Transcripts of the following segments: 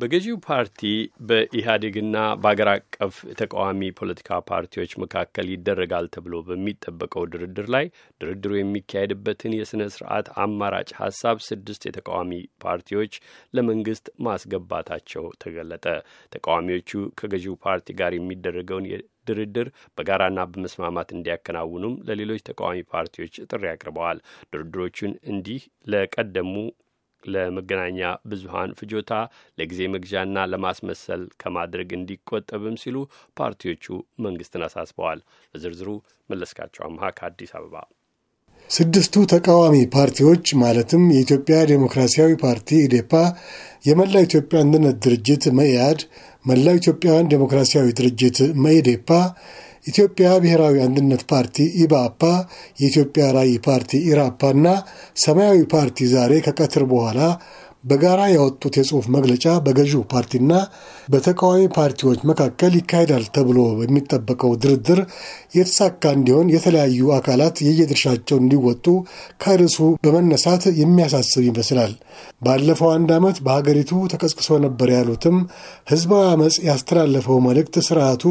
በገዢው ፓርቲ በኢህአዴግና በአገር አቀፍ ተቃዋሚ ፖለቲካ ፓርቲዎች መካከል ይደረጋል ተብሎ በሚጠበቀው ድርድር ላይ ድርድሩ የሚካሄድበትን የሥነ ሥርዓት አማራጭ ሀሳብ ስድስት የተቃዋሚ ፓርቲዎች ለመንግስት ማስገባታቸው ተገለጠ። ተቃዋሚዎቹ ከገዢው ፓርቲ ጋር የሚደረገውን ድርድር በጋራና በመስማማት እንዲያከናውኑም ለሌሎች ተቃዋሚ ፓርቲዎች ጥሪ አቅርበዋል። ድርድሮቹን እንዲህ ለቀደሙ ለመገናኛ ብዙሃን ፍጆታ ለጊዜ መግዣና ለማስመሰል ከማድረግ እንዲቆጠብም ሲሉ ፓርቲዎቹ መንግስትን አሳስበዋል። በዝርዝሩ መለስካቸው አምሃ ከአዲስ አበባ። ስድስቱ ተቃዋሚ ፓርቲዎች ማለትም የኢትዮጵያ ዴሞክራሲያዊ ፓርቲ ኢዴፓ፣ የመላው ኢትዮጵያ አንድነት ድርጅት መኢአድ፣ መላው ኢትዮጵያውያን ዴሞክራሲያዊ ድርጅት መኢዴፓ ኢትዮጵያ ብሔራዊ አንድነት ፓርቲ ኢባፓ፣ የኢትዮጵያ ራዕይ ፓርቲ ኢራፓ እና ሰማያዊ ፓርቲ ዛሬ ከቀትር በኋላ በጋራ ያወጡት የጽሑፍ መግለጫ በገዢው ፓርቲና በተቃዋሚ ፓርቲዎች መካከል ይካሄዳል ተብሎ በሚጠበቀው ድርድር የተሳካ እንዲሆን የተለያዩ አካላት የየድርሻቸውን እንዲወጡ ከርዕሱ በመነሳት የሚያሳስብ ይመስላል። ባለፈው አንድ ዓመት በሀገሪቱ ተቀስቅሶ ነበር ያሉትም ህዝባዊ አመፅ ያስተላለፈው መልእክት ስርዓቱ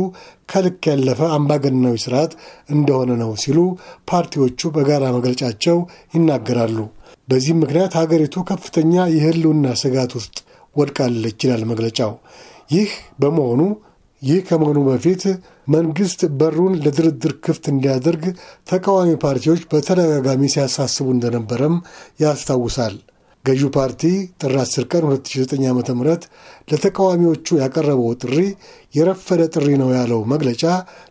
ከልክ ያለፈ አምባገነናዊ ስርዓት እንደሆነ ነው ሲሉ ፓርቲዎቹ በጋራ መግለጫቸው ይናገራሉ። በዚህም ምክንያት ሀገሪቱ ከፍተኛ የህልውና ስጋት ውስጥ ወድቃለች ይላል መግለጫው። ይህ በመሆኑ ይህ ከመሆኑ በፊት መንግስት በሩን ለድርድር ክፍት እንዲያደርግ ተቃዋሚ ፓርቲዎች በተደጋጋሚ ሲያሳስቡ እንደነበረም ያስታውሳል። ገዢው ፓርቲ ጥር 10 ቀን 2009 ዓ ም ለተቃዋሚዎቹ ያቀረበው ጥሪ የረፈደ ጥሪ ነው ያለው መግለጫ፣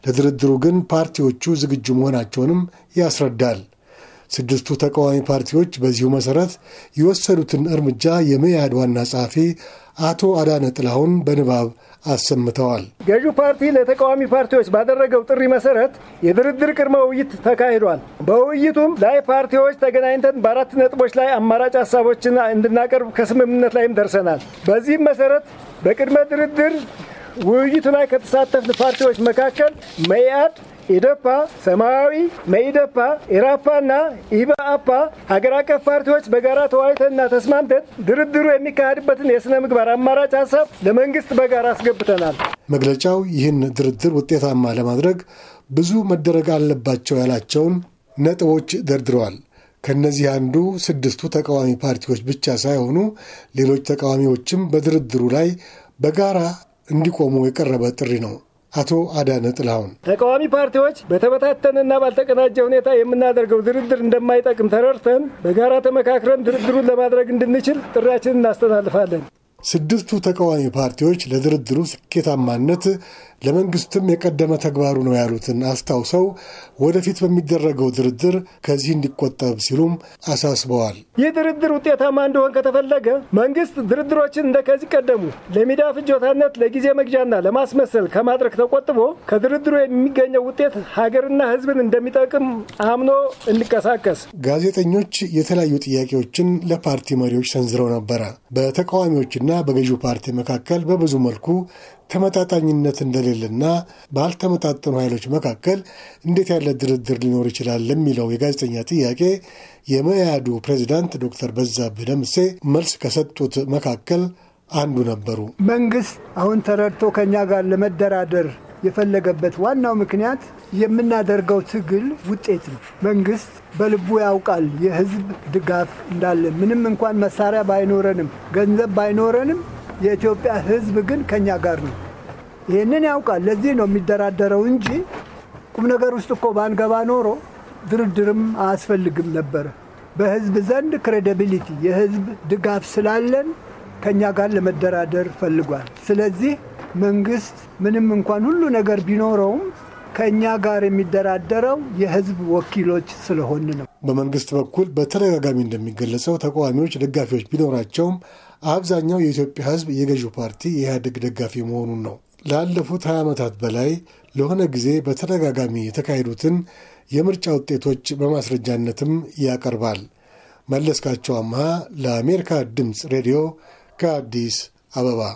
ለድርድሩ ግን ፓርቲዎቹ ዝግጁ መሆናቸውንም ያስረዳል። ስድስቱ ተቃዋሚ ፓርቲዎች በዚሁ መሰረት የወሰዱትን እርምጃ የመያድ ዋና ጸሐፊ አቶ አዳነ ጥላሁን በንባብ አሰምተዋል። ገዢው ፓርቲ ለተቃዋሚ ፓርቲዎች ባደረገው ጥሪ መሰረት የድርድር ቅድመ ውይይት ተካሂዷል። በውይይቱም ላይ ፓርቲዎች ተገናኝተን በአራት ነጥቦች ላይ አማራጭ ሀሳቦችን እንድናቀርብ ከስምምነት ላይም ደርሰናል። በዚህም መሰረት በቅድመ ድርድር ውይይቱ ላይ ከተሳተፉ ፓርቲዎች መካከል መኢአድ ኢዴፓ፣ ሰማያዊ፣ መኢዴፓ፣ ኢራፓና ኢበአፓ ሀገር አቀፍ ፓርቲዎች በጋራ ተወያይተንና ተስማምተን ድርድሩ የሚካሄድበትን የሥነ ምግባር አማራጭ ሀሳብ ለመንግስት በጋራ አስገብተናል። መግለጫው ይህን ድርድር ውጤታማ ለማድረግ ብዙ መደረግ አለባቸው ያላቸውን ነጥቦች ደርድረዋል። ከእነዚህ አንዱ ስድስቱ ተቃዋሚ ፓርቲዎች ብቻ ሳይሆኑ ሌሎች ተቃዋሚዎችም በድርድሩ ላይ በጋራ እንዲቆሙ የቀረበ ጥሪ ነው። አቶ አዳነ ጥላሁን ተቃዋሚ ፓርቲዎች በተበታተነና ባልተቀናጀ ሁኔታ የምናደርገው ድርድር እንደማይጠቅም ተረድተን በጋራ ተመካክረን ድርድሩን ለማድረግ እንድንችል ጥሪያችንን እናስተላልፋለን። ስድስቱ ተቃዋሚ ፓርቲዎች ለድርድሩ ስኬታማነት ለመንግስትም የቀደመ ተግባሩ ነው ያሉትን አስታውሰው ወደፊት በሚደረገው ድርድር ከዚህ እንዲቆጠብ ሲሉም አሳስበዋል። ይህ ድርድር ውጤታማ እንደሆን ከተፈለገ መንግስት ድርድሮችን እንደ ከዚህ ቀደሙ ለሚዲያ ፍጆታነት ለጊዜ መግዣና ለማስመሰል ከማድረግ ተቆጥቦ ከድርድሩ የሚገኘው ውጤት ሀገርና ሕዝብን እንደሚጠቅም አምኖ እንቀሳቀስ ጋዜጠኞች የተለያዩ ጥያቄዎችን ለፓርቲ መሪዎች ሰንዝረው ነበረ። በተቃዋሚዎችና በመንግስትና በገዢው ፓርቲ መካከል በብዙ መልኩ ተመጣጣኝነት እንደሌለና ባልተመጣጠኑ ኃይሎች መካከል እንዴት ያለ ድርድር ሊኖር ይችላል ለሚለው የጋዜጠኛ ጥያቄ የመያዱ ፕሬዚዳንት ዶክተር በዛብህ ደምሴ መልስ ከሰጡት መካከል አንዱ ነበሩ። መንግስት አሁን ተረድቶ ከእኛ ጋር ለመደራደር የፈለገበት ዋናው ምክንያት የምናደርገው ትግል ውጤት ነው። መንግስት በልቡ ያውቃል የህዝብ ድጋፍ እንዳለ። ምንም እንኳን መሳሪያ ባይኖረንም፣ ገንዘብ ባይኖረንም የኢትዮጵያ ህዝብ ግን ከኛ ጋር ነው። ይህንን ያውቃል። ለዚህ ነው የሚደራደረው እንጂ ቁም ነገር ውስጥ እኮ ባንገባ ኖሮ ድርድርም አያስፈልግም ነበረ። በህዝብ ዘንድ ክሬዲቢሊቲ፣ የህዝብ ድጋፍ ስላለን ከኛ ጋር ለመደራደር ፈልጓል። ስለዚህ መንግስት ምንም እንኳን ሁሉ ነገር ቢኖረውም ከእኛ ጋር የሚደራደረው የህዝብ ወኪሎች ስለሆን ነው። በመንግስት በኩል በተደጋጋሚ እንደሚገለጸው ተቃዋሚዎች ደጋፊዎች ቢኖራቸውም አብዛኛው የኢትዮጵያ ህዝብ የገዢው ፓርቲ የኢህአዴግ ደጋፊ መሆኑን ነው። ላለፉት 20 ዓመታት በላይ ለሆነ ጊዜ በተደጋጋሚ የተካሄዱትን የምርጫ ውጤቶች በማስረጃነትም ያቀርባል። መለስካቸው አምሃ ለአሜሪካ ድምፅ ሬዲዮ ከአዲስ አበባ